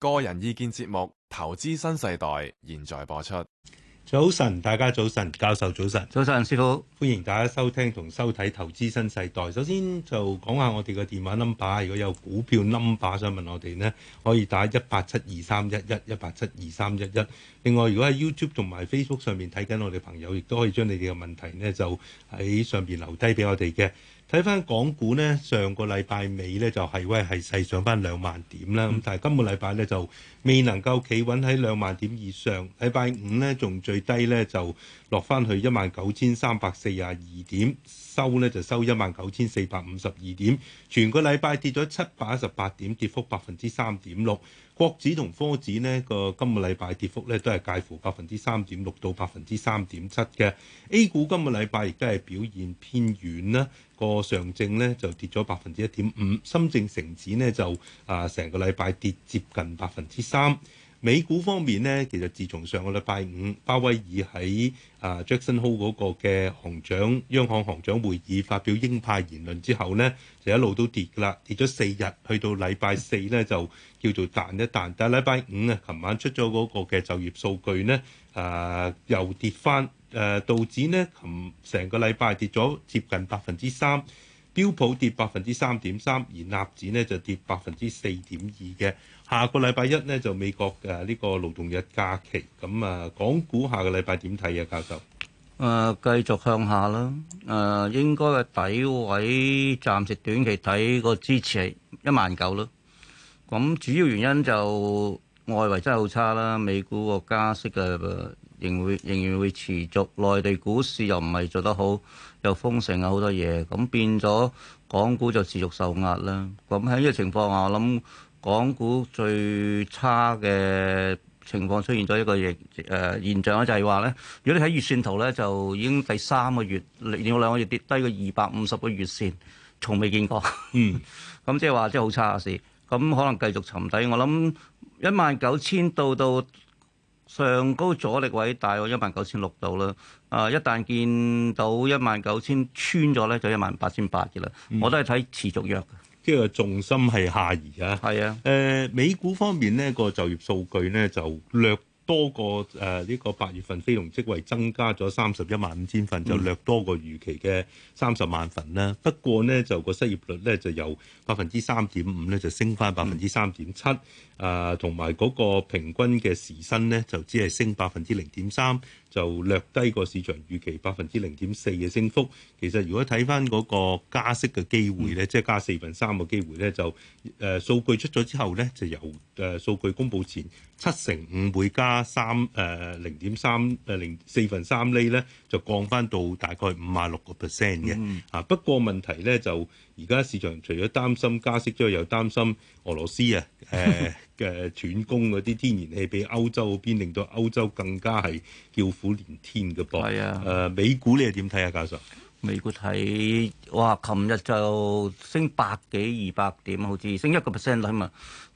個人意見節目《投資新世代》現在播出。早晨，大家早晨，教授早晨，早晨，師傅，歡迎大家收聽同收睇《投資新世代》。首先就講下我哋嘅電話 number。如果有股票 number 想問我哋呢，可以打一八七二三一一一八七二三一一。另外，如果喺 YouTube 同埋 Facebook 上面睇緊我哋朋友，亦都可以將你哋嘅問題呢就喺上邊留低俾我哋嘅。睇翻港股呢，上個禮拜尾呢就係威係勢上翻兩萬點啦。咁但係今個禮拜呢就未能夠企穩喺兩萬點以上。禮拜五呢仲最低呢就落翻去一萬九千三百四十二點，收呢就收一萬九千四百五十二點。全個禮拜跌咗七百一十八點，跌幅百分之三點六。國指同科指呢個今個禮拜跌幅呢都係介乎百分之三點六到百分之三點七嘅。A 股今個禮拜亦都係表現偏軟啦。個上證咧就跌咗百分之一點五，深證成指呢就，啊成個禮拜跌接近百分之三。美股方面呢，其實自從上個禮拜五，鮑威爾喺啊 Jackson Hole 嗰個嘅行長，央行行長會議發表鷹派言論之後呢，就一路都跌㗎啦，跌咗四日，去到禮拜四呢就叫做彈一彈，但係禮拜五啊，琴晚出咗嗰個嘅就業數據呢。誒、啊、又跌翻誒、啊、道指呢，琴成個禮拜跌咗接近百分之三，標普跌百分之三點三，而納指呢就跌百分之四點二嘅。下個禮拜一呢就美國誒呢個勞動日假期，咁啊，港股下個禮拜點睇啊，教授？誒、呃，繼續向下啦。誒、呃，應該係底位，暫時短期睇，個支持係一萬九咯。咁主要原因就，外圍真係好差啦，美股個加息嘅仍會仍然會持續，內地股市又唔係做得好，又封城啊好多嘢，咁變咗港股就持續受壓啦。咁喺呢個情況下，我諗港股最差嘅情況出現咗一個現誒現象啦，就係話咧，如果你睇月線圖咧，就已經第三個月連續兩個月跌低個二百五十個月線，從未見過。 嗯，咁 即係話即係好差嘅事，咁可能繼續沉底，我諗。一萬九千到到上高阻力位大約，一萬九千六度啦。啊，一旦見到一萬九千穿咗咧，就一萬八千八嘅啦。我都係睇持續弱嘅。即係、嗯這個、重心係下移啊。係啊。誒、呃，美股方面呢個就業數據咧就略。多過誒呢個八、呃這個、月份非農職位增加咗三十一萬五千份，就略多過預期嘅三十萬份啦。嗯、不過呢，就個失業率呢，就由百分之三點五呢，就升翻百分之三點七，誒、呃、同埋嗰個平均嘅時薪呢，就只係升百分之零點三。就略低個市場預期百分之零點四嘅升幅，其實如果睇翻嗰個加息嘅機會咧，嗯、即係加四分三嘅機會咧，就誒數、呃、據出咗之後咧，就由誒數、呃、據公佈前七成五會加三誒零點三誒零四分三厘咧，就降翻到大概五啊六個 percent 嘅啊。嗯、不過問題咧就而家市場除咗擔心加息之外，又擔心。俄羅斯啊，誒嘅斷供嗰啲天然氣，比歐洲嗰邊令到歐洲更加係叫苦連天嘅噃。係啊，誒、呃、美股你係點睇啊，教授？美股睇，哇！琴日就升百幾二百點，好似升一個 percent 啦嘛，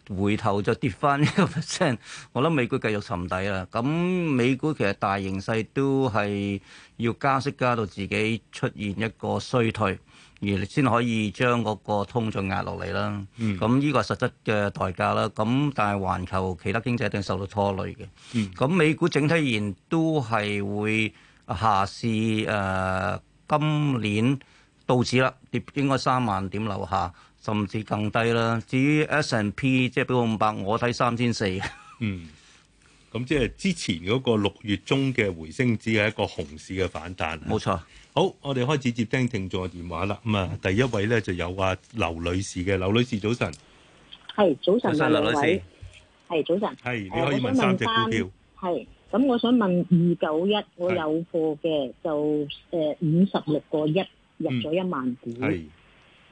回頭就跌翻一個 percent。我諗美股繼續沉底啦。咁美股其實大形勢都係要加息，加到自己出現一個衰退。而先可以將嗰個通脹壓落嚟啦。咁呢、嗯、個係實質嘅代價啦。咁但係環球其他經濟一定受到拖累嘅。咁、嗯、美股整體而言都係會下市。誒、呃，今年到此啦，跌應該三萬點樓下，甚至更低啦。至於 S&P，即係俾個五百，我睇三千四。咁、嗯、即係之前嗰個六月中嘅回升，只係一個熊市嘅反彈。冇錯。好，我哋開始接聽聽眾電話啦。咁、嗯、啊，第一位咧就有話、啊、劉女士嘅，劉女士早晨。係，早晨啊，劉女士。係，早晨。係晨，你可以、呃、問三隻股票。係。咁我想問二九一，我有貨嘅是，就誒五十六個一入咗一萬股。嗯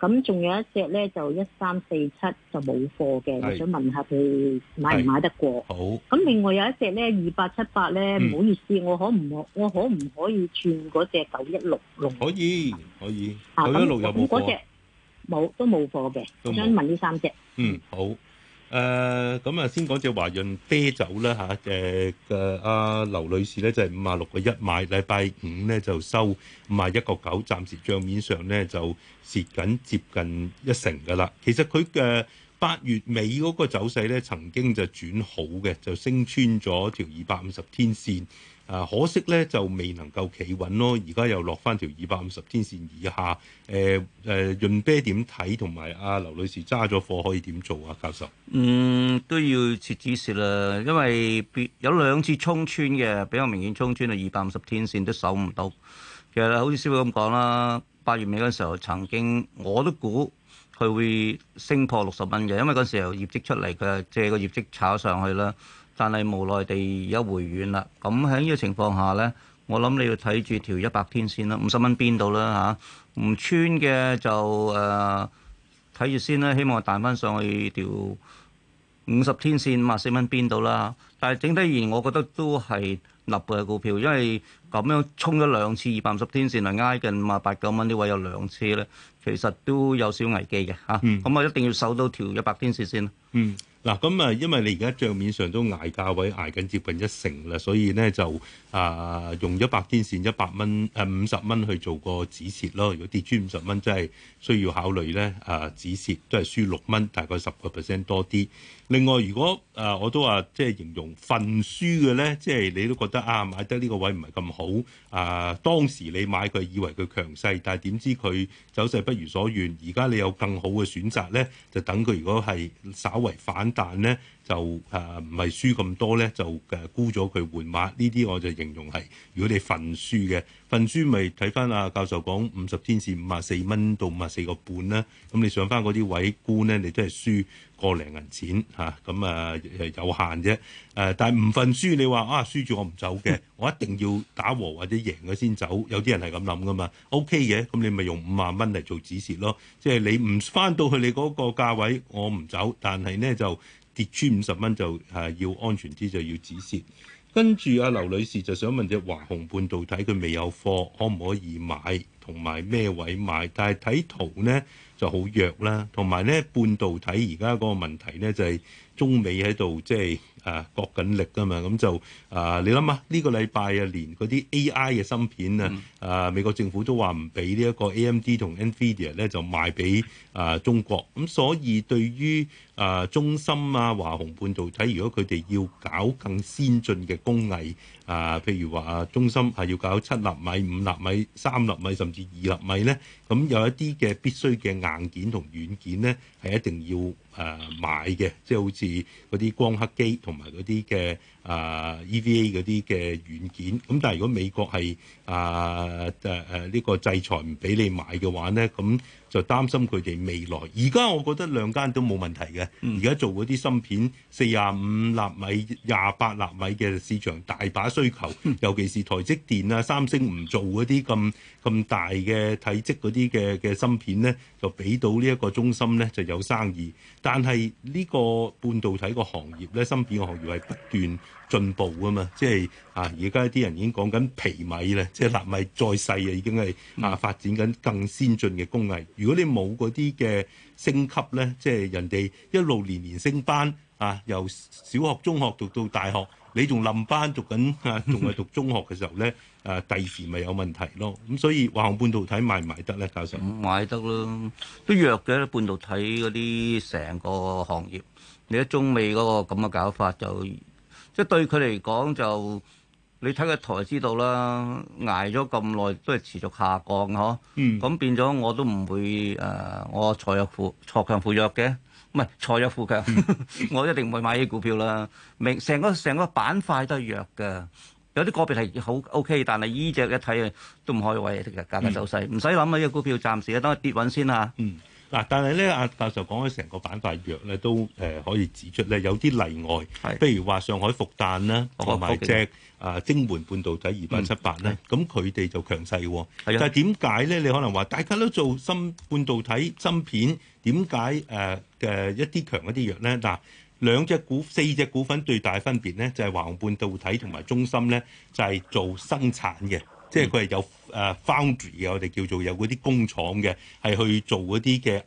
咁仲有一隻呢，就一三四七就冇貨嘅，我想問下佢買唔買得過？好。咁另外有一隻呢，二八七八呢，唔好意思，我可唔我可唔可以串嗰隻九一六六？可以，可以。九一六有冇貨？咁嗰隻冇，都冇貨嘅。我想問呢三隻。嗯，好。誒咁、uh，啊，先講隻華潤啤酒啦嚇，誒嘅阿劉女士咧就係、是、五啊六個一買，禮拜五咧就收五啊一個九，暫時帳面上咧就蝕緊接近一成噶啦。其實佢嘅八月尾嗰個走勢咧，曾經就轉好嘅，就升穿咗條二百五十天線。啊！可惜咧就未能夠企穩咯，而家又落翻條二百五十天線以下。誒、呃、誒、呃，潤啤點睇？同埋阿劉女士揸咗貨可以點做啊？教授，嗯，都要設指示啦，因為有兩次衝穿嘅比較明顯衝穿啊，二百五十天線都守唔到。其實好似師傅咁講啦，八月尾嗰時候曾經我都估佢會升破六十蚊嘅，因為嗰時候業績出嚟嘅，佢係借個業績炒上去啦。但係無奈地而家回軟啦，咁喺呢個情況下咧，我諗你要睇住條一百天線啦，五十蚊邊度啦嚇？唔、啊、穿嘅就誒睇住先啦，希望彈翻上去條五十天線五十四蚊邊度啦、啊。但係整體而言，我覺得都係立嘅股票，因為咁樣衝咗兩次二百五十天線嚟挨近五啊八九蚊呢位有兩次咧，其實都有少危機嘅嚇。咁啊，嗯、一定要守到條一百天線先。嗯。嗱咁啊，因為你而家帳面上都捱價位捱緊接近一成啦，所以咧就啊用一百天線一百蚊誒五十蚊去做個止蝕咯。如果跌穿五十蚊，真係需要考慮咧啊，止蝕都係輸六蚊，大概十個 percent 多啲。另外如果啊我都話即係形容份輸嘅咧，即係你都覺得啊買得呢個位唔係咁好啊，當時你買佢以為佢強勢，但係點知佢走勢不如所願。而家你有更好嘅選擇咧，就等佢如果係稍為反。但係咧。就誒唔係輸咁多咧，就誒沽咗佢換馬呢啲，我就形容係如果你份輸嘅份輸，咪睇翻啊教授講五十天線五啊四蚊到五啊四個半啦。咁你上翻嗰啲位沽咧，你都係輸個零銀錢嚇咁啊，誒、啊、有限啫。誒、啊，但係唔份輸，你話啊輸住我唔走嘅，我一定要打和或者贏咗先走。有啲人係咁諗噶嘛，OK 嘅，咁你咪用五萬蚊嚟做止蝕咯。即係你唔翻到去你嗰個價位，我唔走，但係咧就。跌穿五十蚊就誒要安全啲就要止蝕。跟住阿劉女士就想問，隻華虹半導體佢未有貨，可唔可以買？同埋咩位買？但係睇圖呢就好弱啦。同埋呢半導體而家嗰個問題咧就係、是。中美喺度即係誒割緊力噶嘛，咁就誒、呃、你諗啊？呢、這個禮拜啊，連嗰啲 AI 嘅芯片啊，誒、呃、美國政府都話唔俾呢一個 AMD 同 Nvidia 咧就賣俾誒、呃、中國，咁所以對於誒、呃、中芯啊、華虹半導體，如果佢哋要搞更先進嘅工藝。啊，譬如話啊，中心係要搞七納米、五納米、三納米，甚至二納米咧，咁、嗯、有一啲嘅必須嘅硬件同軟件咧，係一定要誒、呃、買嘅，即係好似嗰啲光刻機同埋嗰啲嘅，啊 EVA 嗰啲嘅軟件，咁但係如果美國係啊誒誒呢個制裁唔俾你買嘅話咧，咁就擔心佢哋未來。而家我覺得兩間都冇問題嘅，而家、嗯、做嗰啲芯片四十五納米、廿八納米嘅市場大把需求，嗯、尤其是台積電啊、三星唔做嗰啲咁咁大嘅體積嗰啲嘅嘅芯片咧，就俾到呢一個中心咧就有生意。但係呢個半導體個行業咧，芯片個行業係不斷進步啊嘛，即係啊！而家啲人已經講緊皮米啦，即係納米再細啊，已經係啊發展緊更先進嘅工藝。如果你冇嗰啲嘅升級咧，即係人哋一路年年升班啊，由小學、中學讀到大學，你仲冧班讀緊啊，仲係讀中學嘅時候咧，啊第時咪有問題咯。咁所以華虹、啊、半導體賣唔賣得咧，教授？賣得咯，都弱嘅。半導體嗰啲成個行業，你喺中美嗰個咁嘅搞法就～即係對佢嚟講就，你睇個台知道啦，捱咗咁耐都係持續下降嘅嗬。咁、嗯、變咗我都唔會誒、呃，我坐弱扶財強扶弱嘅，唔係坐弱扶強， 我一定唔會買呢啲股票啦。明成個成個板塊都係弱嘅，有啲個別係好 OK，但係呢隻一睇啊都唔可開位嘅，啲價格走勢唔使諗啊，呢啲、嗯呢個、股票暫時等佢跌穩先啊。嗯。嗱，但係咧，阿教授講起成個板塊弱咧，都誒、呃、可以指出咧，有啲例外，譬是如話上海復旦啦，同埋隻啊晶門半導體二八七八咧，咁佢哋就強勢喎。啊的，但係點解咧？你可能話大家都做芯半導體芯片，點解誒嘅一啲強一啲弱咧？嗱，兩隻股四隻股份最大分別咧，就係華虹半導體同埋中芯咧，就係、是、做生產嘅。嗯、即係佢係有誒 foundry 嘅，我哋叫做有嗰啲工廠嘅，係去做嗰啲嘅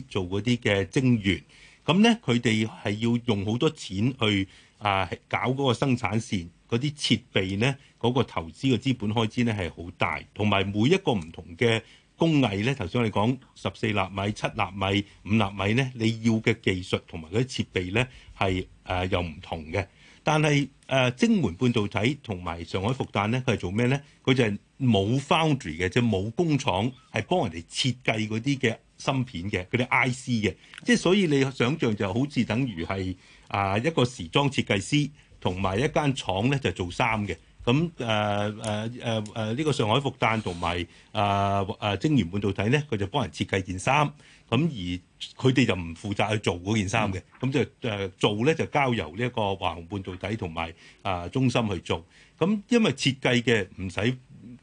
IC，做嗰啲嘅晶圓。咁咧，佢哋係要用好多錢去啊搞嗰個生產線嗰啲設備咧，嗰、那個嗰個投資嘅資本開支咧係好大。同埋每一個唔同嘅工藝咧，頭先我哋講十四納米、七納米、五納米咧，你要嘅技術同埋嗰啲設備咧係誒又唔同嘅，但係。誒晶門半導體同埋上海復旦咧，佢係做咩咧？佢就係冇 foundry 嘅，即係冇工廠，係幫人哋設計嗰啲嘅芯片嘅，嗰啲 IC 嘅。即係所以你想象就好似等於係啊一個時裝設計師同埋一間廠咧，就做衫嘅。咁誒誒誒誒呢個上海復旦同埋啊啊晶門半導體咧，佢就幫人設計件衫。咁而佢哋就唔負責去做嗰件衫嘅，咁、嗯嗯、就誒做咧就交由呢一個華虹半導體同埋啊中心去做。咁、嗯、因為設計嘅唔使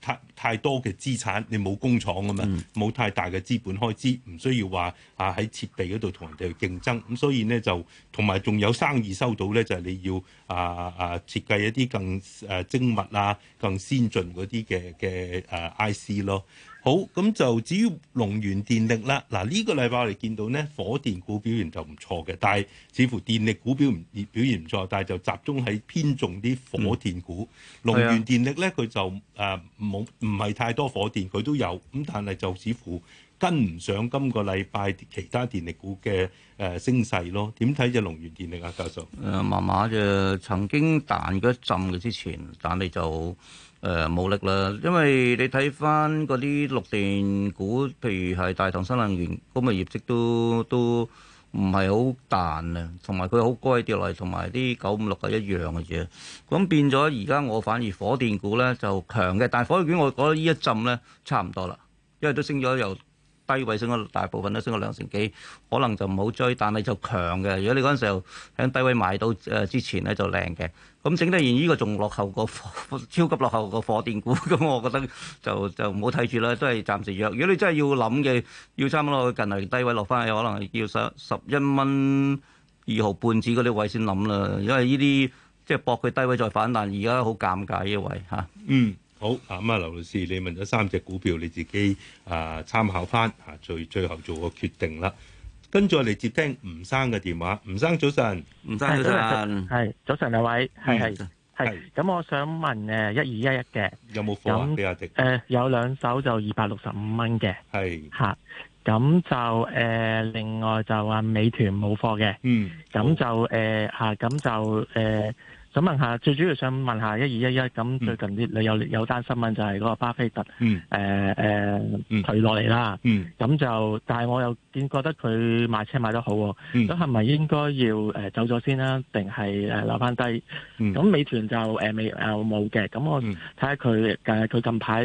太太，太多嘅資產，你冇工廠啊嘛，冇、嗯、太大嘅資本開支，唔需要話啊喺設備嗰度同人哋去競爭。咁、嗯、所以呢，就同埋仲有生意收到咧，就係、是、你要啊啊設計一啲更誒精密啊、更先進嗰啲嘅嘅誒 IC 咯。好，咁就至於龍源電力啦，嗱呢、這個禮拜我哋見到咧火電股表現就唔錯嘅，但係似乎電力股表，表現唔錯，但係就集中喺偏重啲火電股。龍源、嗯、電力咧佢、嗯、就誒冇唔係太多火電，佢都有咁，但係就似乎跟唔上今個禮拜其他電力股嘅誒升勢咯。點睇隻龍源電力啊，教授？誒麻麻嘅曾經彈過一陣嘅之前，但係就。誒冇、呃、力啦，因為你睇返嗰啲綠電股，譬如係大唐新能源，咁啊業績都都唔係好彈啊，同埋佢好乖跌落嚟，同埋啲九五六係一樣嘅嘢，咁變咗而家我反而火電股咧就強嘅，但係火電我覺得呢一陣咧差唔多啦，因為都升咗又。低位升咗大部分都升咗兩成幾，可能就唔好追，但係就強嘅。如果你嗰陣時候喺低位買到誒之前咧就靚嘅。咁整得完依個仲落後個超級落後個火電股，咁 我覺得就就唔好睇住啦，都係暫時約。如果你真係要諗嘅，要差唔多近嚟低位落翻去，可能要十十一蚊二毫半子嗰啲位先諗啦。因為呢啲即係博佢低位再反彈，而家好尷尬依個位嚇、啊。嗯。好，咁啊，劉律師，你問咗三隻股票，你自己啊參考翻，吓最最後做個決定啦。跟住我嚟接聽吳生嘅電話。吳生早晨，吳生早晨，係早晨兩位，係係係。咁我想問誒，一二一一嘅有冇貨啊？比亞迪，誒有兩手就二百六十五蚊嘅，係吓咁就誒，另外就話美團冇貨嘅，嗯，咁就誒吓，咁就誒。想問下，最主要想問下，一二一一，咁最近啲你有有單新聞就係嗰個巴菲特，誒誒退落嚟啦，咁就但係我又見覺得佢買車買得好，咁係咪應該要誒走咗先啦？定係誒留翻低？咁、嗯、美團就誒未有冇嘅？咁我睇下佢，但佢、呃呃呃、近排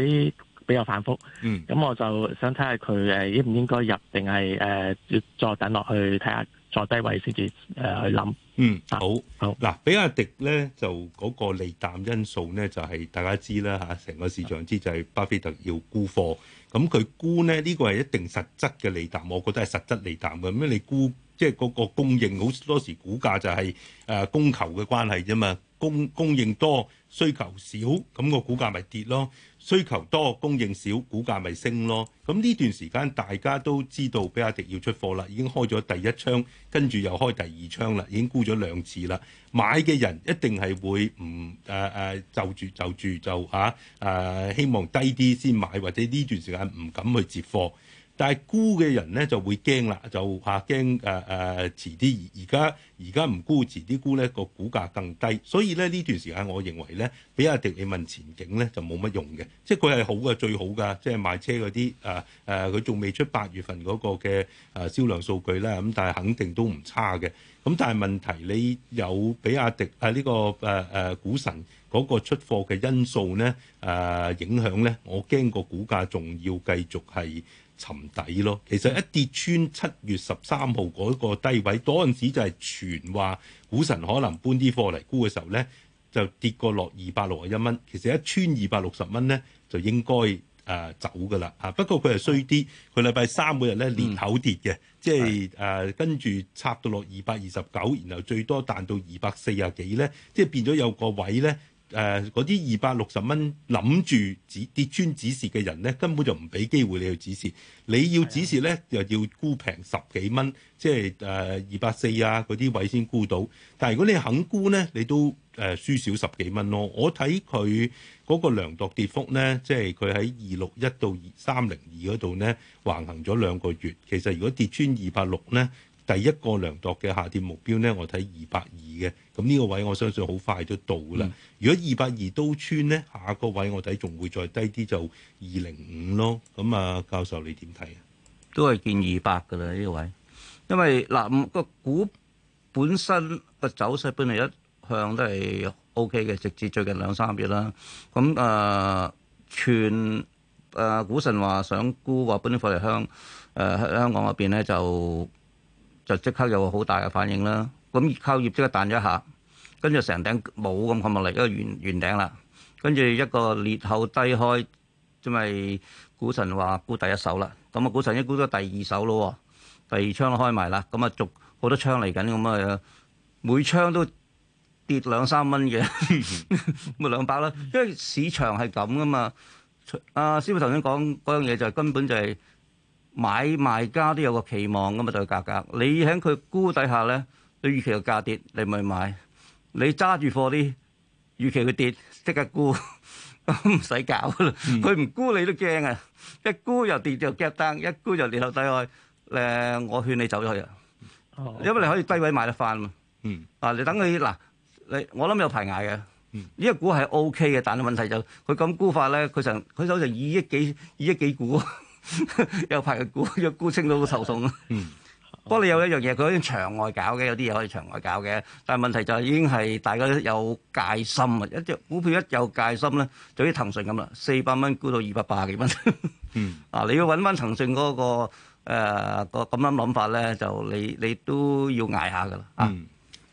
比較反覆，咁、嗯嗯、我就想睇下佢誒應唔應該入，定係誒要再等落去睇下。坐低位先至誒去諗，嗯，好，好，嗱，比亞迪咧就嗰個利淡因素咧就係、是、大家知啦嚇，成個市場知就係巴菲特要沽貨，咁佢沽咧呢、這個係一定實質嘅利淡，我覺得係實質利淡嘅，咁樣你沽即係嗰個供應好多時股價就係誒供求嘅關係啫嘛，供供應多。需求少，咁、那個股價咪跌咯；需求多，供應少，股價咪升咯。咁呢段時間大家都知道，比亞迪要出貨啦，已經開咗第一槍，跟住又開第二槍啦，已經沽咗兩次啦。買嘅人一定係會唔誒誒就住就住就嚇誒、啊呃，希望低啲先買，或者呢段時間唔敢去接貨。但係沽嘅人咧就會驚啦，就話驚誒誒遲啲而而家而家唔沽遲啲沽咧個股價更低，所以咧呢段時間我認為咧，比亞迪你問前景咧就冇乜用嘅，即係佢係好嘅最好㗎，即係賣車嗰啲誒誒佢仲未出八月份嗰個嘅誒銷量數據啦，咁但係肯定都唔差嘅。咁但係問題你有比亞迪誒呢、啊這個誒誒、啊、股神嗰個出貨嘅因素咧誒、啊、影響咧，我驚個股價仲要繼續係。沉底咯，其實一跌穿七月十三號嗰個低位，嗰陣時就係傳話股神可能搬啲貨嚟沽嘅時候咧，就跌過落二百六十一蚊。其實一穿二百六十蚊咧，就應該誒、呃、走㗎喇嚇。不過佢係衰啲，佢禮拜三嗰日咧連口跌嘅，嗯、即係誒跟住插到落二百二十九，然後最多彈到二百四啊幾咧，即係變咗有個位咧。誒嗰啲二百六十蚊諗住指跌穿指示嘅人咧，根本就唔俾機會你去指示。你要指示咧，的又要沽平十幾蚊，即係誒二百四啊嗰啲位先沽到。但係如果你肯沽咧，你都誒、呃、輸少十幾蚊咯。我睇佢嗰個量度跌幅咧，即係佢喺二六一到二三零二嗰度咧橫行咗兩個月。其實如果跌穿二百六咧，第一個量度嘅下跌目標咧，我睇二百二嘅，咁呢個位我相信好快都到啦。嗯、如果二百二都穿咧，下個位我睇仲會再低啲，就二零五咯。咁啊，教授你點睇啊？都係見二百噶啦呢個位，因為嗱、嗰個股本身個走勢本嚟一向都係 O K 嘅，直至最近兩三月啦。咁啊、呃，全，誒、呃、股神話想沽話搬啲貨嚟香誒香港嗰邊咧就。就即刻有個好大嘅反應啦，咁熱烤葉即刻彈咗一下，跟住成頂冇咁冚落嚟，一個圓圓頂啦，跟住一個裂後低開，即係股神話沽第一手啦，咁啊股神一沽都第二手咯，第二槍都開埋啦，咁啊續好多槍嚟緊咁啊，每槍都跌兩三蚊嘅，咪兩百啦，因為市場係咁噶嘛。阿、啊、師傅頭先講嗰樣嘢就係根本就係、是。買賣家都有個期望噶嘛，就價、是、格。你喺佢沽底下咧，你預期佢價跌，你咪買。你揸住貨啲預期佢跌，即刻沽，唔 使搞啦。佢唔沽你都驚啊！一沽又跌就夾單，一沽就跌落底去。誒、呃，我勸你走咗去啊！哦 okay、因為你可以低位買得翻嘛。嗯、啊，你等佢嗱，你我諗有排挨嘅。呢、嗯、個股係 OK 嘅，但係問題就佢咁沽法咧，佢成佢手成二億幾二億幾股。又 有派股，又沽清到好受痛。嗯、 不過你有一樣嘢，佢可以場外搞嘅，有啲嘢可以場外搞嘅。但係問題就係已經係大家有戒心啊！一隻股票一有戒心咧，就好似騰訊咁啦，四百蚊沽到二百八十幾蚊。 嗯、啊，你要揾翻騰訊嗰，那個誒、咁、呃、樣諗法咧，就你你都要捱下噶啦啊！嗯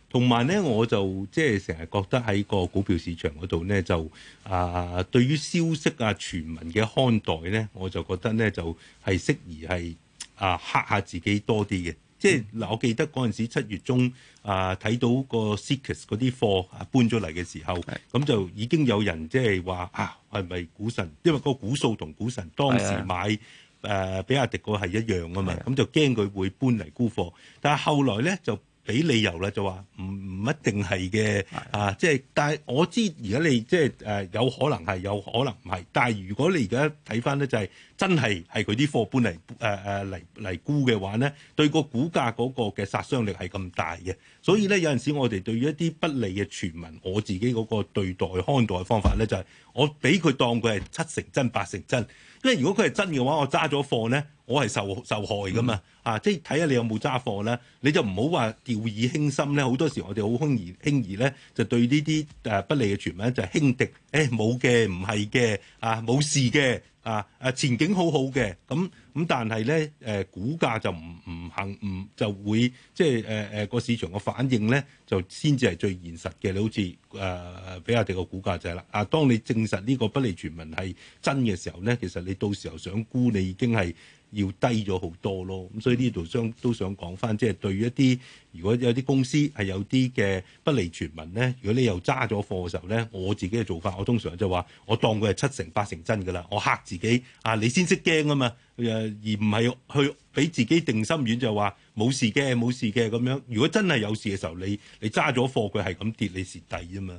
同埋咧，我就即係成日覺得喺個股票市場嗰度咧，就啊，對於消息啊、傳聞嘅看待咧，我就覺得咧就係適宜係啊，嚇下自己多啲嘅。即係嗱，我記得嗰陣時七月中啊，睇到個 seekers 嗰啲貨啊搬咗嚟嘅時候，咁就已經有人即係話啊，係咪股神？因為個股數同股神當時買誒比亞迪個係一樣啊嘛，咁就驚佢會搬嚟沽貨。但係後來咧就。俾理由啦，就話唔唔一定係嘅啊！即係但係我知而家你即係誒有可能係有可能唔係，但係如果你而家睇翻咧，就係真係係佢啲貨搬嚟誒誒嚟嚟沽嘅話咧，對個股價嗰個嘅殺傷力係咁大嘅。所以咧有陣時我哋對於一啲不利嘅傳聞，我自己嗰個對待看待方法咧就係我俾佢當佢係七成真八成真，因為如果佢係真嘅話，我揸咗貨咧。我係受受害噶嘛，嗯、啊，即係睇下你有冇揸貨咧，你就唔好話掉以輕心咧。好多時我哋好輕易輕易咧，就對呢啲誒不利嘅傳聞就輕敵，誒冇嘅，唔係嘅，啊冇事嘅，啊啊前景好好嘅，咁、嗯、咁、嗯、但係咧誒股價就唔唔行唔就會即係誒誒個市場嘅反應咧，就先至係最現實嘅。你好似誒比亞迪個股價就係啦，啊，當你證實呢個不利傳聞係真嘅時候咧，其實你到時候想沽，你已經係。要低咗好多咯，咁所以呢度想都想講翻，即係對於一啲如果有啲公司係有啲嘅不利傳聞咧，如果你又揸咗貨嘅時候咧，我自己嘅做法，我通常就話我當佢係七成八成真噶啦，我嚇自己啊，你先識驚啊嘛，誒而唔係去俾自己定心丸就話冇事嘅冇事嘅咁樣。如果真係有事嘅時候，你你揸咗貨佢係咁跌，你蝕底啫嘛。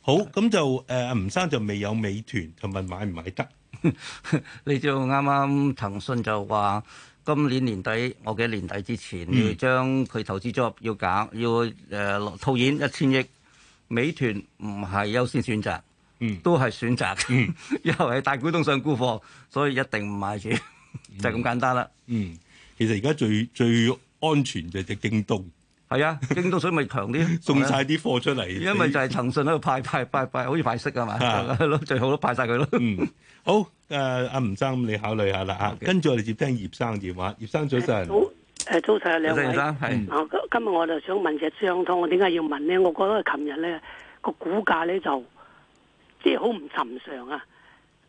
好，咁就誒阿、呃、吳生就未有美團同問買唔買得？ 你就啱啱騰訊就話今年年底，我嘅年底之前，嗯、要將佢投資組合要搞，要誒、呃、套現一千億。美團唔係優先選擇，嗯、都係選擇，因為、嗯、 大股東上沽貨，所以一定唔買住， 就咁簡單啦。嗯，嗯其實而家最 最安全就係京東。係啊，京東水咪強啲，送晒啲貨出嚟。 因為就係騰訊喺度派派派派，好似派息啊嘛，係咯，最好都派晒佢咯。嗯，好，誒、呃，阿吳生，你考慮下啦嚇。Okay. 跟住我哋接聽葉生電話，葉生早晨。好，誒，早晨兩位。葉生上，係、嗯。今日我就想問隻商湯，我點解要問咧？我覺得琴日咧個股價咧就即係好唔尋常啊。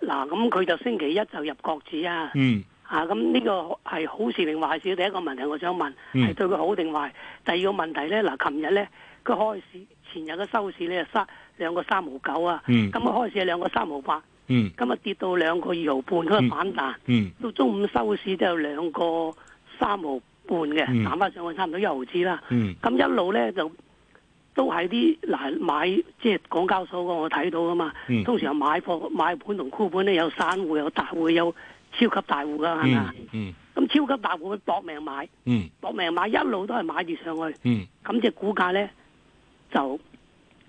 嗱、啊，咁、嗯、佢就星期一就入國指啊。嗯。Mm. 啊，咁、這、呢個係好事定壞事？第一個問題我想問，係、嗯、對佢好定壞？第二個問題咧，嗱，琴日咧，佢開市前日嘅收市咧，三兩個三毫九啊，咁一、嗯、開市兩個三毫八，咁一、嗯、跌到兩個二毫半，佢反彈，嗯、到中午收市都有兩個三毫半嘅，彈翻、嗯、上去差唔多一毫紙啦。咁一路咧就都係啲嗱買，即係港交所嘅，我睇到啊嘛、嗯，通常，常買貨買盤同沽盤咧有散戶有大會有，有。有有有有有有有有超級大戶噶係咪啊？嗯，咁超級大戶搏命買，嗯，搏命買一路都係買住上去，嗯，咁隻股價咧就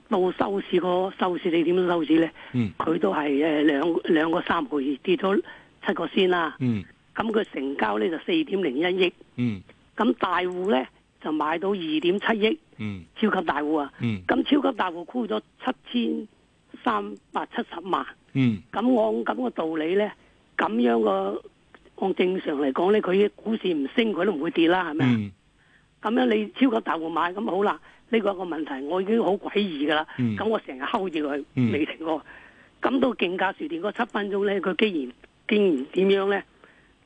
到收市嗰收市，四點鐘收市咧？嗯，佢都係誒兩兩個三倍跌咗七個先啦，嗯，咁佢成交咧就四點零一億，嗯，咁大戶咧就買到二點七億，嗯，超級大戶啊，嗯，咁超級大戶沽咗七千三百七十萬，嗯，咁按咁嘅道理咧。咁樣個按正常嚟講咧，佢股市唔升，佢都唔會跌啦，係咪啊？咁、嗯、樣你超級大戶買，咁好啦。呢、這個個問題我已經好詭異噶啦。咁、嗯、我成日睺住佢未停過。咁到競價時段嗰七分鐘咧，佢既然竟然點樣咧？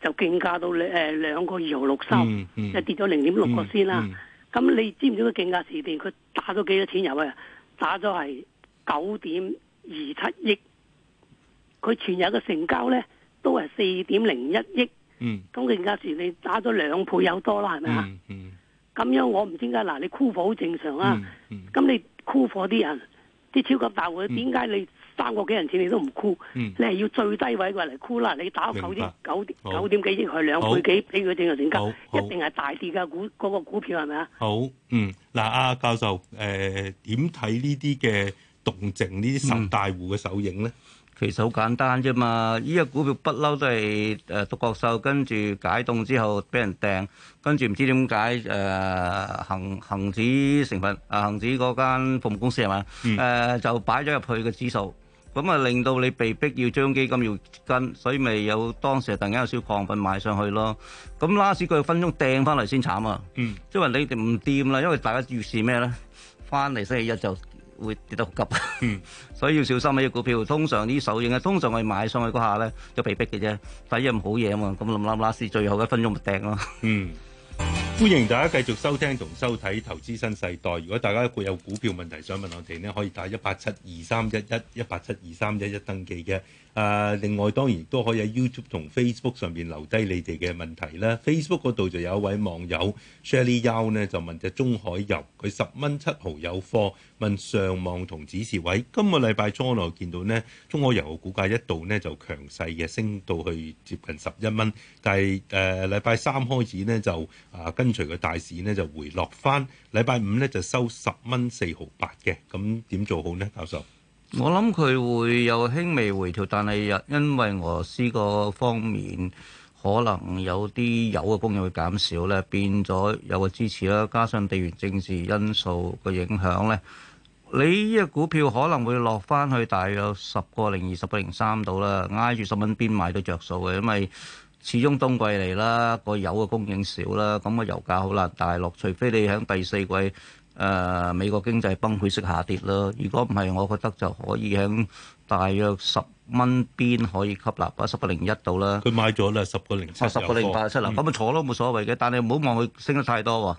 就競價到誒兩個二毫六三，即係 swim ,、um, 跌咗零點六個先啦。咁你知唔知個競價時段佢打咗幾多錢入去啊？打咗係九點二七億。佢全日嘅成交咧？都係四點零一億，咁佢而家你打咗兩倍有多啦，係咪啊？咁樣我唔知點解嗱，你沽貨好正常啊，咁你沽貨啲人，啲超級大戶，點解你三個幾人錢你都唔沽？你係要最低位過嚟沽啦，你打九點九點九點幾億係兩倍幾，比佢正常成交，一定係大跌嘅股，嗰個股票係咪啊？好，嗯，嗱，阿教授，誒，點睇呢啲嘅動靜？呢啲十大戶嘅手影咧？其實好簡單啫嘛，呢個股票不嬲都係誒獨角獸，跟住解凍之後俾人掟，跟住唔知點解誒誒恆指成分啊恆指嗰間服務公司係嘛？誒、嗯呃、就擺咗入去個指數，咁啊令到你被逼要將基金要跟，所以咪有當時突然間有少少亢奮買上去咯。咁拉屎佢分分鐘掟翻嚟先慘啊！即係話你哋唔掂啦，因為大家預示咩咧？翻嚟星期一就。會跌得好急，所以要小心啊！啲股票通常呢啲首映，通常我買上去嗰下咧，都被逼嘅啫。第一唔好嘢啊嘛，咁冧冧拉屎，最後一分鐘咪掟咯。嗯，歡迎大家繼續收聽同收睇《投資新世代》。如果大家如果有股票問題想問我哋呢，可以打一八七二三一一一八七二三一一登記嘅。誒、呃，另外當然都可以喺 YouTube 同 Facebook 上面留低你哋嘅問題啦。Facebook 嗰度就有一位網友 Shelly Yao 咧，就問隻中海油，佢十蚊七毫有貨，問上望同指示位。今個禮拜初內見到呢中海油嘅股價一度呢就強勢嘅升到去接近十一蚊，但係誒禮拜三開始呢，就啊跟隨個大市呢就回落返，禮拜五呢，就收十蚊四毫八嘅，咁點做好呢？教授？我諗佢會有輕微回調，但係因因為俄羅斯個方面可能有啲油嘅供應會減少咧，變咗有個支持啦。加上地緣政治因素嘅影響咧，你呢隻股票可能會落翻去大約十個零二、十個零三度啦，挨住十蚊邊買都着數嘅，因為始終冬季嚟啦，個油嘅供應少啦，咁個油價好難大落，除非你喺第四季。誒、呃、美國經濟崩潰式下跌啦！如果唔係，我覺得就可以喺大約十蚊邊可以吸納啊，十個零一度啦。佢買咗啦，十個零八啊七啦。咁咪坐咯，冇所謂嘅，但係唔好望佢升得太多喎。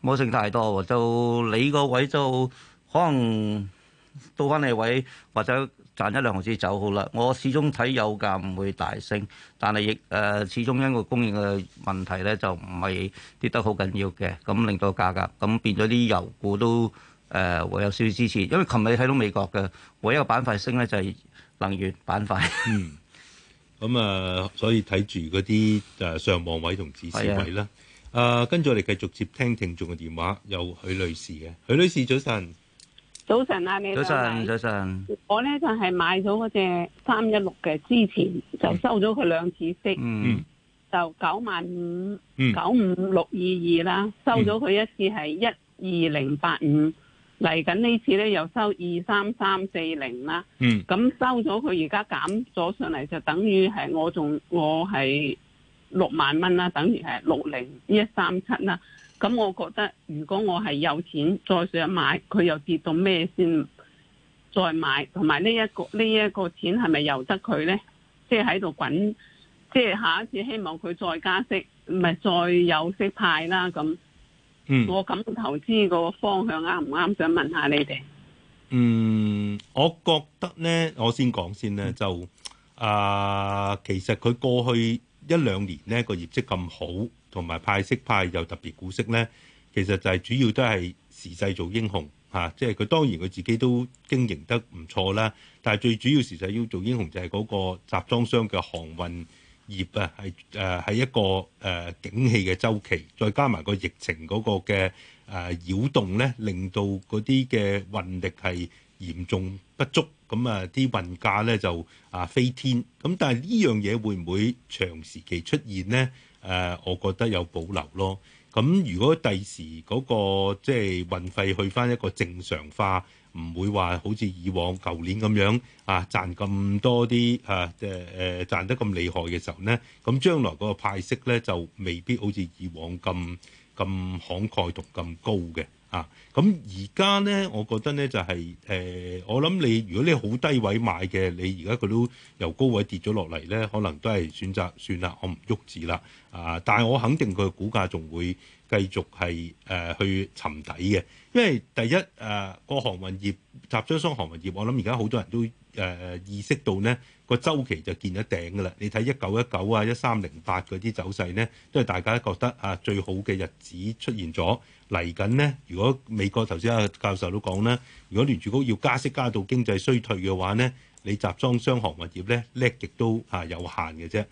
唔好、嗯、升太多喎，就你個位就可能到翻你位或者。賺一兩毫子走好啦！我始終睇油價唔會大升，但係亦誒始終因為供應嘅問題咧，就唔係跌得好緊要嘅，咁令到價格咁變咗啲油股都誒、呃、會有少少支持。因為琴日睇到美國嘅唯一一個板塊升咧，就係能源板塊。 嗯，咁、嗯、啊，所以睇住嗰啲誒上望位同指示位啦。誒的，跟住、啊、我哋繼續接聽聽眾嘅電話，有許女士嘅。許女士早晨。早晨啊，你早晨早晨，早晨我咧就係、是、買咗嗰隻三一六嘅，之前就收咗佢兩次息，嗯，嗯就九萬五，九五六二二啦，收咗佢一次係一二零八五，嚟緊呢次咧又收二三三四零啦，嗯，咁收咗佢而家減咗上嚟，就等於係我仲我係六萬蚊啦，等於係六零一三七啦。咁我覺得，如果我係有錢再想買，佢又跌到咩先再買？同埋呢一個呢一個錢係咪由得佢呢？即係喺度滾，即係下一次希望佢再加息，唔係再有息派啦咁。嗯，我咁投資個方向啱唔啱？想問下你哋。嗯，我覺得呢，我先講先呢，嗯，就啊，其實佢過去一兩年呢個業績咁好。同埋派息派又特別股息咧，其實就係主要都係時勢做英雄吓，即係佢當然佢自己都經營得唔錯啦，但係最主要時勢要做英雄就係嗰個集裝箱嘅航運業啊，係誒係一個誒、啊、景氣嘅周期，再加埋個疫情嗰個嘅誒擾動咧，令到嗰啲嘅運力係嚴重不足，咁啊啲運價咧就啊飛天，咁、啊、但係呢樣嘢會唔會長時期出現咧？誒、呃，我覺得有保留咯。咁如果第時嗰個即係運費去返一個正常化，唔會話好似以往舊年咁樣啊賺咁多啲啊，即係誒賺得咁厲害嘅時候咧，咁將來嗰個派息咧就未必好似以往咁咁慷慨同咁高嘅。啊！咁而家咧，我覺得咧就係、是、誒、呃，我諗你如果你好低位買嘅，你而家佢都由高位跌咗落嚟咧，可能都係選擇算啦，我唔喐字啦。啊！但係我肯定佢嘅股價仲會繼續係誒、呃、去沉底嘅，因為第一誒個航運業、集裝箱航運業，我諗而家好多人都誒、呃、意識到咧。個週期就見咗頂㗎喇，你睇一九一九啊，一三零八嗰啲走勢呢，都係大家都覺得啊最好嘅日子出現咗。嚟緊呢，如果美國頭先阿教授都講啦，如果聯儲局要加息加到經濟衰退嘅話呢，你集裝箱行物業呢，叻極都啊有限嘅啫。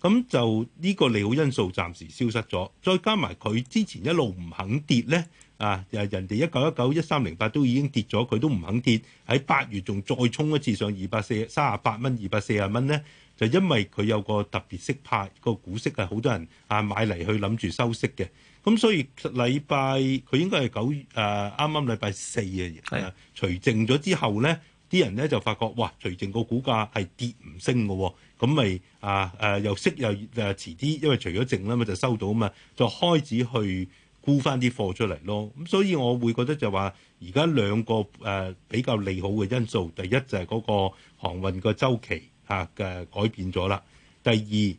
咁就呢個利好因素暫時消失咗，再加埋佢之前一路唔肯跌呢。啊！人哋一九一九一三零八都已經跌咗，佢都唔肯跌。喺八月仲再衝一次上二百四三廿八蚊、二百四十蚊咧，就因為佢有個特別息派、個股息，息9，啊，好多人啊買嚟去諗住收息嘅。咁所以禮拜佢應該係九誒啱啱禮拜四啊，係啊，除淨咗之後咧，啲人咧就發覺哇，除淨個股價係跌唔升嘅喎，咁咪啊誒、啊啊、又息又誒、啊、遲啲，因為除咗淨啦嘛，就收到嘛，就開始去。沽翻啲貨出嚟咯，咁所以我會覺得就話而家兩個誒、呃、比較利好嘅因素，第一就係嗰個航運個周期嚇嘅、啊啊、改變咗啦，第二誒、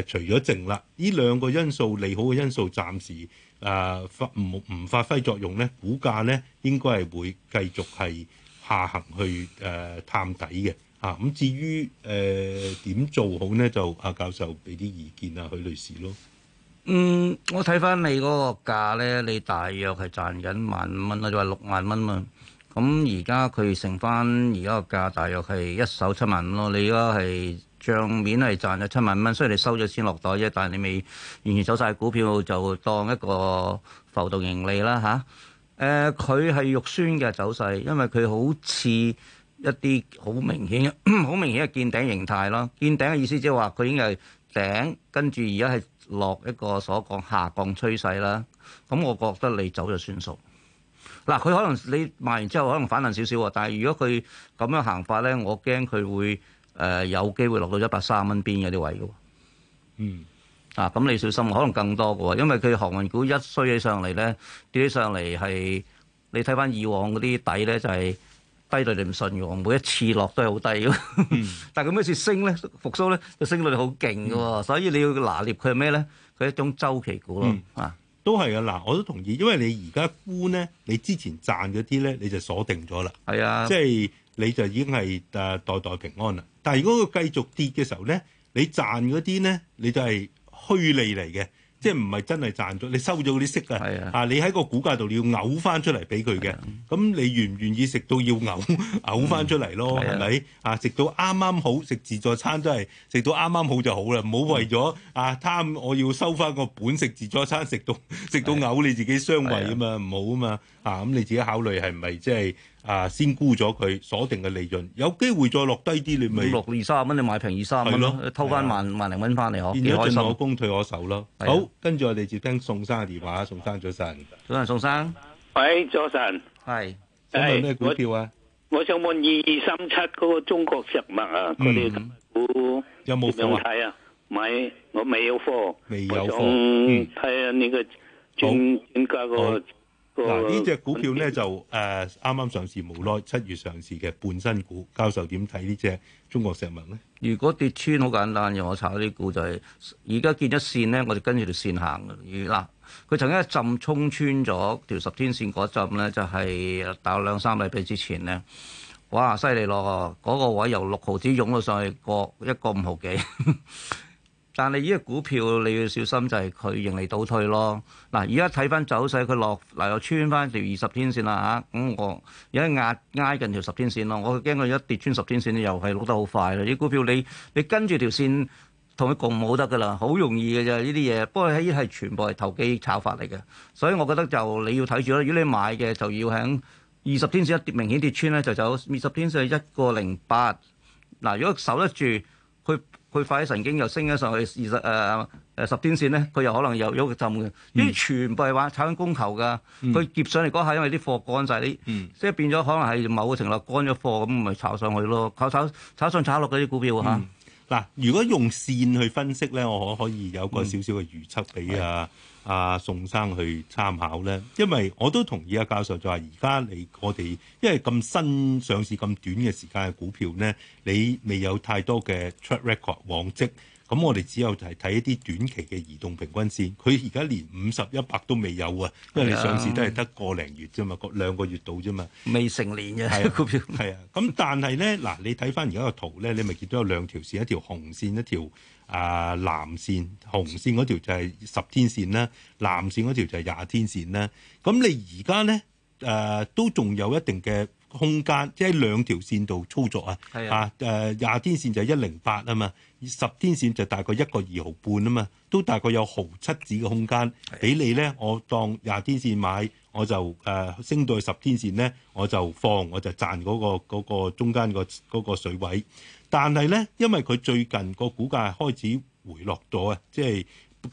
啊、除咗淨啦，呢兩個因素利好嘅因素暫時誒發唔唔發揮作用咧，股價咧應該係會繼續係下行去誒、啊、探底嘅嚇，咁、啊、至於誒點、啊、做好咧，就阿教授俾啲意見啊，許女士咯。嗯，我睇翻你嗰個價咧，你大約係賺緊萬五蚊啊，就話六萬蚊嘛。咁而家佢成翻而家個價，大約係一手七萬五咯。你而家係帳面係賺咗七萬蚊，雖然你收咗先落袋啫，但係你未完全走晒股票，就當一個浮動盈利啦吓，誒、啊，佢、呃、係肉酸嘅走勢，因為佢好似一啲好明顯、好 明顯嘅見頂形態咯。見頂嘅意思即係話佢已經係頂，跟住而家係落一個所講下降趨勢啦，咁我覺得你走就算數。嗱，佢可能你賣完之後可能反彈少少喎，但係如果佢咁樣行法咧，我驚佢會誒有機會落到一百三蚊邊嗰啲位嘅。嗯，啊，咁你小心，可能更多嘅喎，因為佢航運股一衰起上嚟咧，跌起上嚟係你睇返以往嗰啲底咧就係、是。低到你唔信喎，每一次落都係好低喎。 但係佢每一次升咧、復甦咧，佢升到你好勁嘅喎。嗯、所以你要拿捏佢係咩咧？佢係一種周期股咯。啊、嗯，都係啊！嗱，我都同意，因為你而家沽咧，你之前賺嗰啲咧，你就鎖定咗啦。係啊，即係你就已經係誒代代平安啦。但係如果佢繼續跌嘅時候咧，你賺嗰啲咧，你就係虛利嚟嘅。即係唔係真係賺咗？你收咗嗰啲息啊！啊，你喺個股價度你要嘔翻出嚟俾佢嘅，咁你願唔願意食到要嘔嘔翻出嚟咯？係咪啊？食到啱啱好，食自助餐都係食到啱啱好就好啦，唔好為咗啊，啊貪我要收翻個本，食自助餐食到食到嘔，你自己傷胃啊嘛，唔、啊、好啊嘛。啊，咁你自己考慮係唔係即係啊？先沽咗佢鎖定嘅利潤，有機會再落低啲，你咪要落二三十蚊，你買平二三十蚊咯，偷翻萬萬零蚊翻嚟好。變咗進我工退我手咯。好，跟住我哋接聽宋生嘅電話。宋生早晨，早晨宋生，喂早晨，係，想買咩股票啊？我想買二二三七嗰個中國石墨啊，嗰啲股有冇問題啊？買我未有貨，未有貨，睇下你個專專家個。嗱呢、啊、隻股票咧就誒啱啱上市冇耐，七月上市嘅半新股，教授點睇呢隻中國石文咧？如果跌穿好簡單，我炒啲股就係而家見咗線咧，我就跟住條線行。嗱，佢曾經一浸沖穿咗條十天線嗰一浸咧，就係大概兩三禮拜之前咧，哇犀利咯！嗰、那個位由六毫子湧到上去個一個五毫幾。 但係呢個股票你要小心，就係佢盈利倒退咯。嗱，而家睇翻走勢，佢落嗱又穿翻條二十天線啦嚇，咁、啊嗯、我而家壓挨近條十天線咯。我驚佢一跌穿十天線又，又係落得好快啦。呢股票你你跟住條線同佢共舞得㗎啦，好容易嘅啫呢啲嘢。不過喺係全部係投機炒法嚟嘅，所以我覺得就你要睇住咯。如果你買嘅就要喺二十天線一跌明顯跌穿咧，就走二十天線一個零八。嗱，如果守得住。佢快啲神經又升咗上去二十誒誒十天線咧，佢又可能又有個浸嘅，啲、嗯、全部係話炒緊供求噶，佢劫上嚟嗰下，因為啲貨乾晒啲，嗯、即係變咗可能係某個程度乾咗貨咁，咪炒上去咯，炒炒炒上炒落嗰啲股票嚇。嗱、嗯，如果用線去分析咧，我可可以有個少少嘅預測俾啊。嗯阿、啊、宋生去參考咧，因為我都同意阿、啊、教授就話，而家你我哋因為咁新上市咁短嘅時間嘅股票咧，你未有太多嘅 track record 往績，咁我哋只有就係睇一啲短期嘅移動平均線。佢而家連五十一百都未有啊，因為你上市都係得個零月啫嘛，個兩個月度啫嘛，未成年嘅股票。係啊，咁但係咧嗱，你睇翻而家個圖咧，你咪見到有兩條線，一條紅線，一條。啊、呃，藍線紅線嗰條就係十天線啦，藍線嗰條就係廿天線啦。咁你而家咧，誒、呃、都仲有一定嘅空間，即、就、係、是、兩條線度操作啊。係、呃、啊，誒廿天線就係一零八啊嘛，十天線就大概一個二毫半啊嘛，都大概有毫七子嘅空間。俾你咧，我當廿天線買，我就誒、呃、升到去十天線咧，我就放，我就賺嗰、嗰個嗰、嗰個中間個嗰個水位。但係咧，因為佢最近個股價開始回落咗啊，即係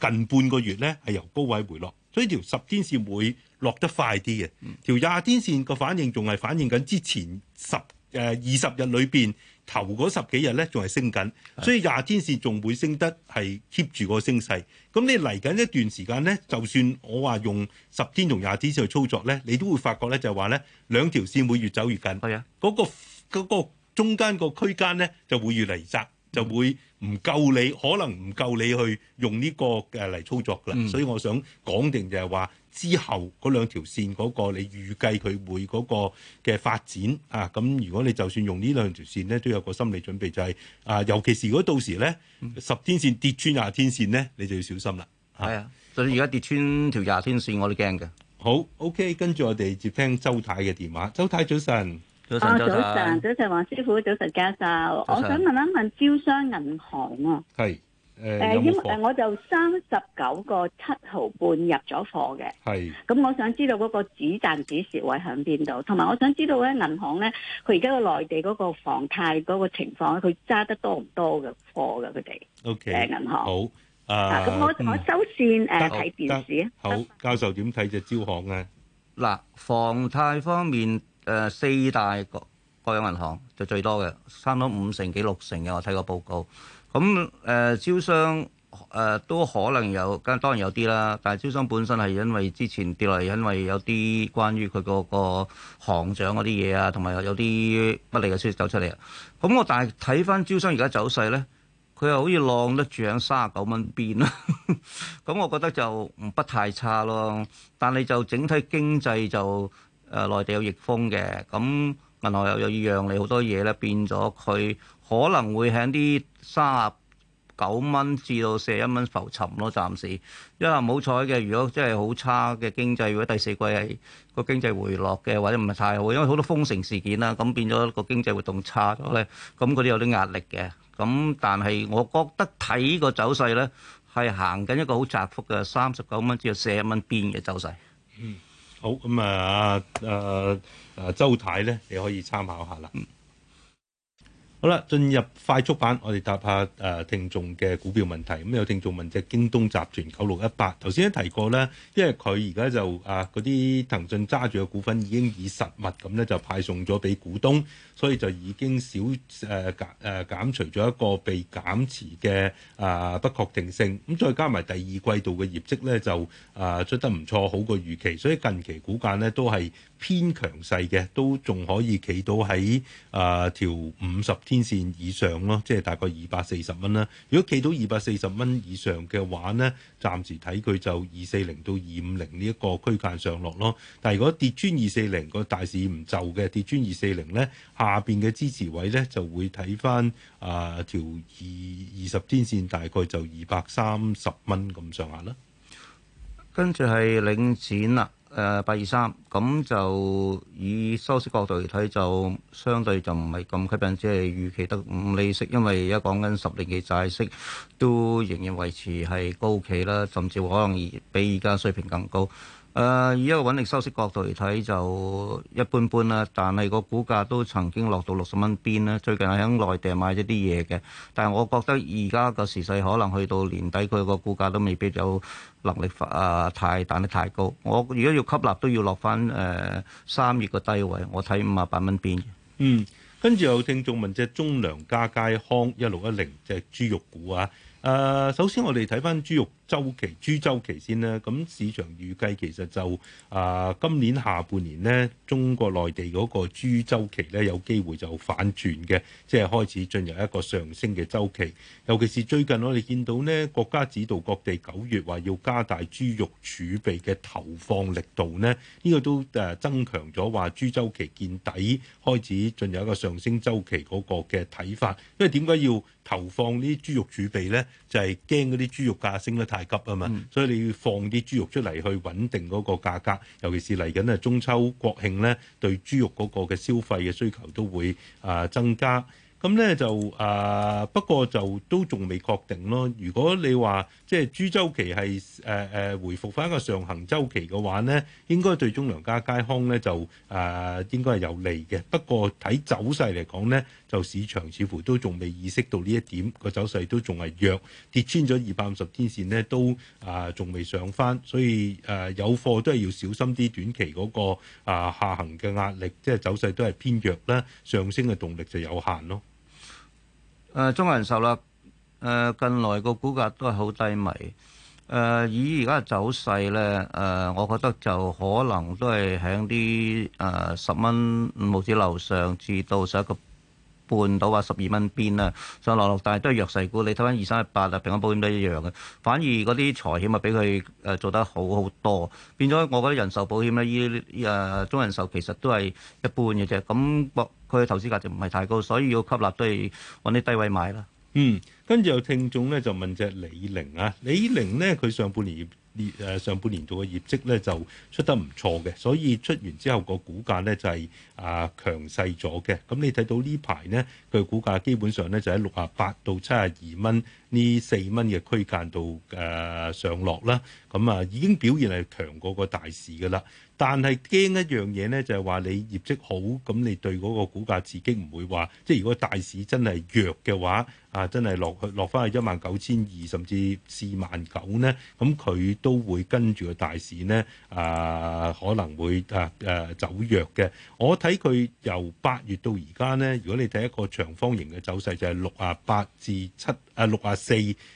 近半個月咧，係由高位回落，所以條十天線會落得快啲嘅。嗯。條廿天線個反應仲係反映緊之前十誒二十日裏邊頭嗰十幾日咧，仲係升緊，的所以廿天線仲會升得係 keep 住個升勢。咁你嚟緊一段時間咧，就算我話用十天同廿天線去操作咧，你都會發覺咧，就係話咧，兩條線會越走越近。係啊的，嗰、嗰個、嗰個嗰個嗰個中間個區間咧就會越嚟窄，嗯、就會唔夠你，可能唔夠你去用呢個誒嚟操作㗎。嗯、所以我想講定就係話，之後嗰兩條線嗰、嗰個你預計佢會嗰個嘅發展啊。咁如果你就算用呢兩條線咧，都有個心理準備、就係，就係啊，尤其是如果到時咧、嗯、十天線跌穿廿天線咧，你就要小心啦。係、嗯、啊，所以而家跌穿條廿天線，我都驚㗎。好 OK，跟住我哋接聽周太嘅電話。周太早晨，周太早晨，早晨。早晨早早晨，早晨，早晨，王師傅，早晨，教授，我想問一問招商銀行啊。係。誒，因誒，我就三十九個七毫半入咗貨嘅。係。咁我想知道嗰個止賺止蝕位喺邊度，同埋我想知道咧銀行咧，佢而家個內地嗰個房貸嗰個情況，佢揸得多唔多嘅貨嘅佢哋？O K。誒，銀行好。啊，咁我我收線誒睇電視啊。好，教授點睇隻招行咧？嗱，房貸方面。誒、呃、四大國國有銀行就最多嘅，差唔多五成幾六成嘅，我睇過報告。咁誒招商誒、呃、都可能有，當然有啲啦。但係招商本身係因為之前跌落嚟，因為有啲關於佢嗰個行長嗰啲嘢啊，同埋有啲不利嘅消息走出嚟啊。咁、嗯、我但係睇翻招商而家走勢咧，佢又好似浪得住喺三十九蚊邊啦。咁、 嗯、我覺得就唔不太差咯。但係就整體經濟就～誒內地有逆風嘅，咁銀行又有，有讓利好多嘢咧，變咗佢可能會喺啲三十九蚊至到四十一蚊浮沉咯，暫時。因為唔好彩嘅，如果真係好差嘅經濟，如果第四季係個經濟回落嘅，或者唔係太好，因為好多封城事件啦，咁變咗個經濟活動差咗咧，咁嗰啲有啲壓力嘅。咁但係我覺得睇個走勢咧，係行緊一個好窄幅嘅三十九蚊至到四十一蚊邊嘅走勢。嗯。好咁、嗯、啊！啊啊啊！周太咧，你可以參考下啦。嗯。好啦，進入快速版，我哋答下誒、呃、聽眾嘅股票問題。咁、呃、有聽眾問隻京東集團九六一八，頭先都提過咧，因為佢而家就啊嗰啲騰訊揸住嘅股份已經以實物咁咧就派送咗俾股東，所以就已經少誒減誒減除咗一個被減持嘅啊不確定性。咁再加埋第二季度嘅業績咧就啊、呃、出得唔錯，好過預期，所以近期股價咧都係偏強勢嘅，都仲可以企到喺啊條五十天線以上咯，即係大概二百四十蚊啦。如果企到二百四十蚊以上嘅話呢，暫時睇佢就二四零到二五零呢一個區間上落咯。但係如果跌穿二四零，個大市唔就嘅，跌穿二四零呢，下邊嘅支持位呢就會睇返啊條二二十天線，大概就二百三十蚊咁上下啦。跟住係領展啦。誒、呃、八二三，咁就以收息角度嚟睇，就相對就唔係咁吸引，即係預期得五利息，因為而家講緊十年嘅債息都仍然維持係高企啦，甚至可能比而家水平更高。誒以一個穩定收息角度嚟睇就一般般啦，但係個股價都曾經落到六十蚊邊啦。最近係喺內地買咗啲嘢嘅，但係我覺得而家個時勢可能去到年底，佢個股價都未必有能力啊太彈得太高。我如果要吸納都要落翻誒三月個低位，我睇五啊八蚊邊。嗯，跟住有聽眾問隻中糧家佳康一六一零隻豬肉股啊。誒，uh, 首先我哋睇返豬肉周期、豬周期先啦。咁市場預計其實就誒、uh, 今年下半年呢，中國內地嗰個豬周期呢，有機會就反轉嘅，即、就、係、是、開始進入一個上升嘅周期。尤其是最近我哋見到呢，國家指導各地九月話要加大豬肉儲備嘅投放力度呢，呢、這個都誒增強咗話豬周期見底，開始進入一個上升周期嗰個嘅睇法。因為點解要投放啲豬肉儲備呢，就係驚嗰啲豬肉價升得太急啊嘛，嗯、所以你要放啲豬肉出嚟去穩定嗰個價格。尤其是嚟緊啊中秋、國慶呢，對豬肉嗰個嘅消費嘅需求都會啊增加。咁呢，就啊、呃，不過就都仲未確定咯。如果你話即係豬周期係誒誒回復翻一個上行週期嘅話呢，應該對中糧家佳康呢，就啊、呃、應該係有利嘅。不過睇走勢嚟講呢。就市場似乎都仲未意識到呢一點，個走勢都仲係弱，跌穿咗二百五十天線呢都啊仲未上返，所以誒、呃、有貨都係要小心啲，短期嗰、那個啊、呃、下行嘅壓力，即係走勢都係偏弱啦，上升嘅動力就有限咯。誒、呃、中國人壽啦，誒、呃、近來個股價都係好低迷，誒、呃、以而家嘅走勢咧，誒、呃、我覺得就可能都係喺啲誒十蚊五毫紙樓上至到十一個半到啊，十二蚊邊啊？上落落，但係都係弱勢股。你睇翻二三一八啊，平安保險都一樣嘅。反而嗰啲財險啊，俾佢誒做得好好多，變咗我覺得人壽保險咧，依誒中人壽其實都係一半嘅啫。咁個佢嘅投資價值唔係太高，所以要吸納都係揾啲低位買啦。嗯，跟住、嗯、有聽眾咧就問隻李寧啊，李寧呢，佢上半年。呢誒上半年度嘅業績咧就出得唔錯嘅，所以出完之後個股價咧就係啊強勢咗嘅，咁你睇到呢排咧。佢嘅股價基本上咧就喺六啊八到七啊二蚊呢四蚊嘅區間度誒上落啦，咁啊已經表現係強過個大市噶啦。但係驚一樣嘢咧，就係話你業績好，咁你對嗰個股價刺激唔會話，即係如果大市真係弱嘅話啊真係落，落去落翻去一萬九千二甚至四萬九呢，咁佢都會跟住個大市咧啊可能會啊誒、啊、走弱嘅。我睇佢由八月到而家咧，如果你睇一個長，長方形嘅走勢就係六啊八至七。誒六啊四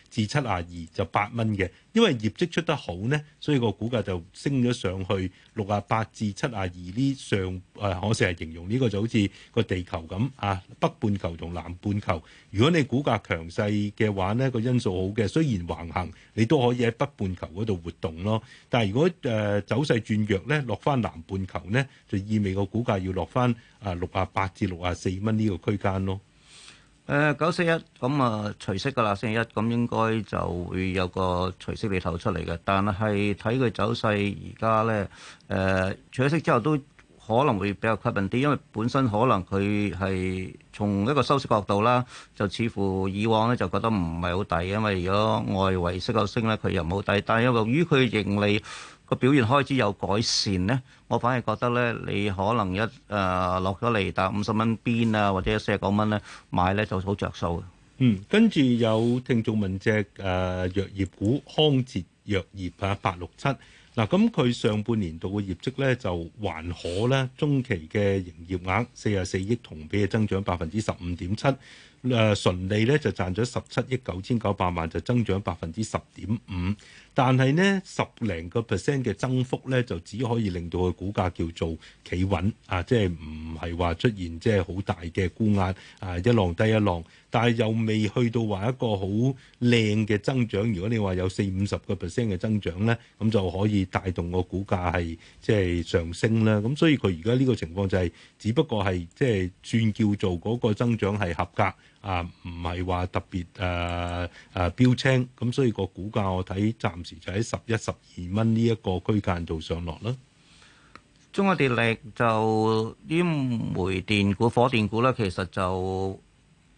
至七啊二就八蚊嘅，因為業績出得好呢，所以個股價就升咗上去六啊八至七啊二呢上誒，我經常形容呢個就好似個地球咁啊，北半球同南半球。如果你股價強勢嘅話呢、呢個因素好嘅，雖然橫行，你都可以喺北半球嗰度活動咯。但係如果誒、呃、走勢轉弱呢，落翻南半球呢，就意味個股價要落翻啊六啊八至六啊四蚊呢個區間咯。誒九四一咁啊，除息噶啦，星期一咁應該就會有個除息利投出嚟嘅。但係睇佢走勢而家咧，誒除咗息之後都可能會比較吸引啲，因為本身可能佢係從一個收息角度啦，就似乎以往咧就覺得唔係好抵，因為如果外圍息夠升咧，佢又冇抵，但係由於佢盈利，個表現開始有改善呢。我反而覺得呢，你可能一誒落咗嚟，打五十蚊邊啊，或者四十九蚊呢，買呢就好着數嘅。嗯，跟住有聽眾問隻誒、呃、藥業股康捷藥業啊，八六七嗱，咁、啊、佢上半年度嘅業績呢，就還可呢，中期嘅營業額四十四億，同比嘅增長百分之十五點七。誒、呃、純利咧就賺咗十七億九千九百萬，就增長百分之十點五。但係呢，十零個 percent 嘅增幅咧，就只可以令到個股價叫做企穩啊，即係唔係話出現即係好大嘅沽壓啊，一浪低一浪。但係又未去到話一個好靚嘅增長。如果你話有四五十個 percent 嘅增長咧，咁就可以帶動個股價係即係上升啦。咁所以佢而家呢個情況就係、是，只不過係即係算叫做嗰個增長係合格。啊，唔係話特別誒誒標青，咁所以個股價我睇暫時就喺十一、十二蚊呢一個區間度上落咯。中國電力就啲煤電股、火電股咧，其實就。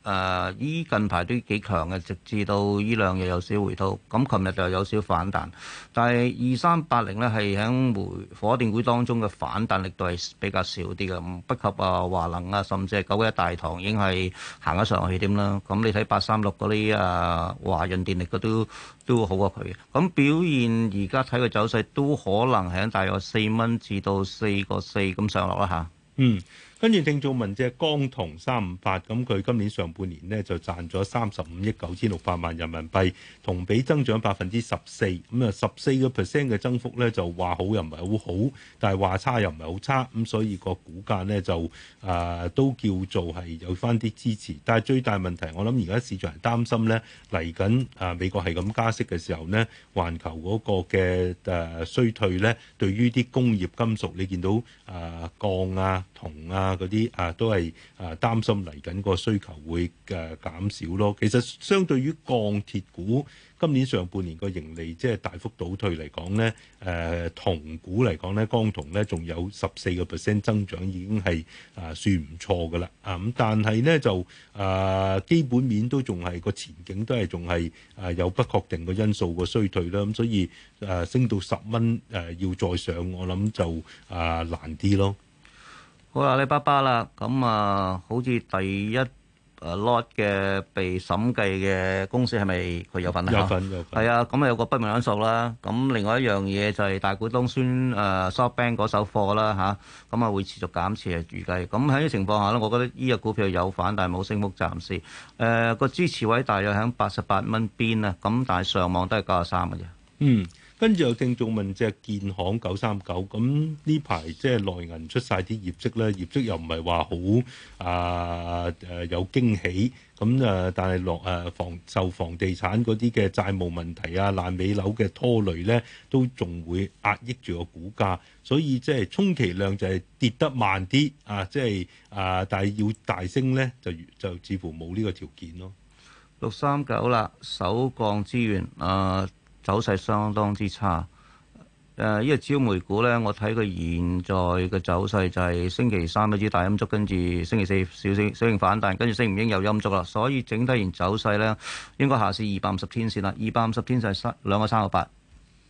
誒依近排都幾強嘅，直至到呢兩日有少回吐，咁琴日就有少反彈。但係二三八零咧係喺煤火電股當中嘅反彈力度係比較少啲嘅，唔不及啊華能啊，甚至係九一大唐已經係行咗上去點啦。咁你睇八三六嗰啲啊華潤電力嗰都都好過佢。咁表現而家睇個走勢都可能喺大約四蚊至到四個四咁上落啦嚇。嗯。跟住正造文隻江銅三五八，咁佢今年上半年呢就賺咗三十五億九千六百萬人民幣，同比增長百分之十四。咁啊十四個 percent 嘅增幅呢，就話好又唔係好好，但係話差又唔係好差。咁所以個股價呢，就、呃、啊都叫做係有翻啲支持。但係最大問題，我諗而家市場係擔心呢嚟緊啊美國係咁加息嘅時候呢，環球嗰個嘅誒衰退呢，對於啲工業金屬，你見到啊鋼啊銅啊。銅啊啊！嗰啲啊都係啊擔心嚟緊個需求會嘅、啊、減少咯。其實相對於鋼鐵股今年上半年個盈利即係大幅倒退嚟講咧，誒、啊、銅股嚟講咧，鋼銅咧仲有十四個 percent 增長已經係啊算唔錯噶啦啊！咁、啊、但係咧就啊基本面都仲係個前景都係仲係啊有不確定嘅因素個衰退啦。咁所以誒、啊、升到十蚊誒要再上，我諗就啊難啲咯。好啦阿里巴巴啦，咁、嗯、啊，好似第一誒 lot 嘅被審計嘅公司係咪佢有份啊？有份有份，係啊，咁、嗯、啊、嗯嗯嗯、 有個不明因素啦。咁另外一樣嘢就係大股東宣誒 Soft、呃、Bank 嗰手貨啦吓，咁、嗯、啊會持續減持嚟預計。咁喺呢情況下咧，我覺得呢隻股票有反，但係冇升幅暫時。誒個支持位大約喺八十八蚊邊啊，咁但係上網都係九十三嘅啫。嗯。 跟住有聽眾問，即係建行九三九，咁呢排即係內銀出晒啲業績咧，業績又唔係話好啊誒有驚喜，咁誒但係落誒房受房地產嗰啲嘅債務問題啊、爛尾樓嘅拖累咧，都仲會壓抑住個股價，所以即係充其量就係跌得慢啲啊！即係啊，但係要大升咧，就就似乎冇呢個條件咯。六三九啦，首鋼資源啊。呃走勢相當之差，誒、呃，呢個焦煤股呢，我睇佢現在嘅走勢就係星期三開始大陰燭，跟住星期四少少小型反彈，跟住星期五又陰燭啦，所以整體完走勢呢，應該下試二百五十天線啦，二百五十天線係兩個三個八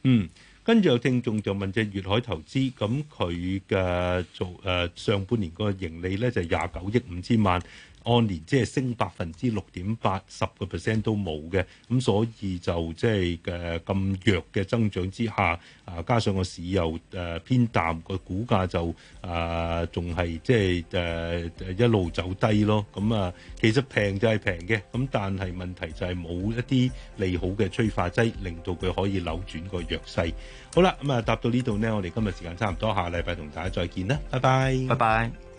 嗯，跟住有聽眾就問隻粵海投資咁佢嘅做誒、呃、上半年個盈利呢，就廿九億五千萬。按年即係升百分之六點八，十個 percent 都冇嘅，咁所以就即係誒咁弱嘅增長之下，啊、呃、加上個市又誒、呃、偏淡，個股價就啊仲係即係誒一路走低咯。咁、嗯、啊，其實平就係平嘅，咁但係問題就係冇一啲利好嘅催化劑，令到佢可以扭轉個弱勢。好啦，咁、嗯、啊答到呢度呢，我哋今日時間差唔多，下禮拜同大家再見啦，拜拜，拜拜。